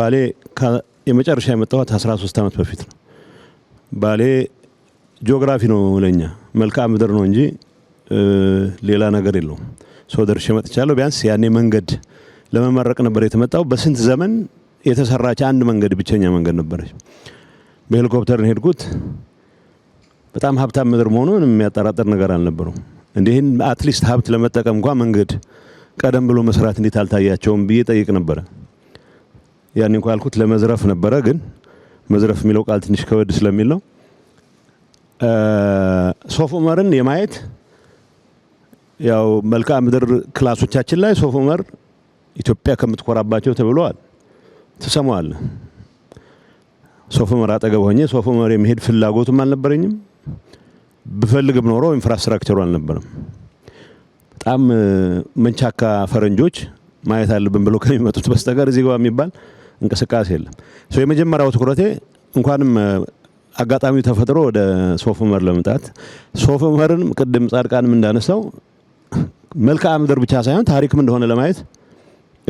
ባሌ የመጨረሻ የመጣኋት 13 ዓመት በፊት ነው። ባሌ ጂኦግራፊ ነው ለኛ መልክዓ ምድር ነው እንጂ ሌላ ነገር የለውም። ሰው ደርሼ መጥቻለሁ። ቢያንስ ያኔ መንገድ ለመመረቅ ነበር የተመጣው። በስንት ዘመን የተሰራች አንድ መንገድ ብቸኛ መንገድ ነበረች። በሄሊኮፕተር ሄድኩት። በጣም ሀብታም ምድር መሆኑን የሚያጠራጥር ነገር አልነበረው። እንዲህን አትሊስት ሀብት ለመጠቀም እንኳ መንገድ ቀደም ብሎ መስራት እንዴት አልታያቸውም ብዬ ጠይቅ ነበረ። ያን እንኳ ያልኩት ለመዝረፍ ነበረ፣ ግን መዝረፍ የሚለው ቃል ትንሽ ከበድ ስለሚል ነው። ሶፍ ዑመርን የማየት ያው መልክዓ ምድር ክላሶቻችን ላይ ሶፍ ዑመር ኢትዮጵያ ከምትኮራባቸው ተብለዋል። ትሰማዋል። ሶፍ ዑመር አጠገብ ሆኜ ሶፍ ዑመር የመሄድ ፍላጎትም አልነበረኝም። ብፈልግም ኖሮ ኢንፍራስትራክቸሩ አልነበረም። በጣም መንቻካ ፈረንጆች ማየት አለብን ብለው ከሚመጡት በስተቀር እዚህ ጋር የሚባል እንቅስቃሴ የለም። የመጀመሪያው ትኩረቴ እንኳንም አጋጣሚው ተፈጥሮ ወደ ሶፍ ዑመር ለመምጣት ሶፍ ዑመርን ቅድም ጻድቃንም እንዳነሳው መልክዓ ምድር ብቻ ሳይሆን ታሪክም እንደሆነ ለማየት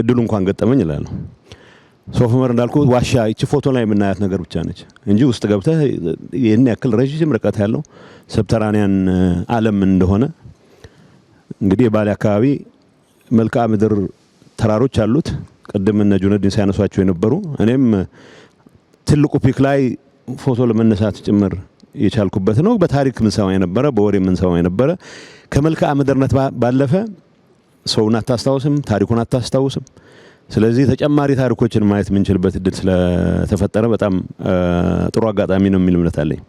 እድሉ እንኳን ገጠመኝ ይላል። ሶፍ ዑመር እንዳልኩ ዋሻ ይቺ ፎቶ ላይ የምናያት ነገር ብቻ ነች እንጂ ውስጥ ገብተህ ይህን ያክል ረዥም ርቀት ያለው ሰብተራኒያን ዓለም እንደሆነ እንግዲህ የባሌ አካባቢ መልክዓ ምድር ተራሮች አሉት። ቅድም እነ ጁነዲን ሲያነሷቸው የነበሩ እኔም ትልቁ ፒክ ላይ ፎቶ ለመነሳት ጭምር የቻልኩበት ነው። በታሪክ ምንሰማ የነበረ በወሬ ምንሰማ የነበረ ከመልክዓ ምድርነት ባለፈ ሰውን አታስታውስም፣ ታሪኩን አታስታውስም። ስለዚህ ተጨማሪ ታሪኮችን ማየት የምንችልበት እድል ስለተፈጠረ በጣም ጥሩ አጋጣሚ ነው የሚል እምነት አለኝ።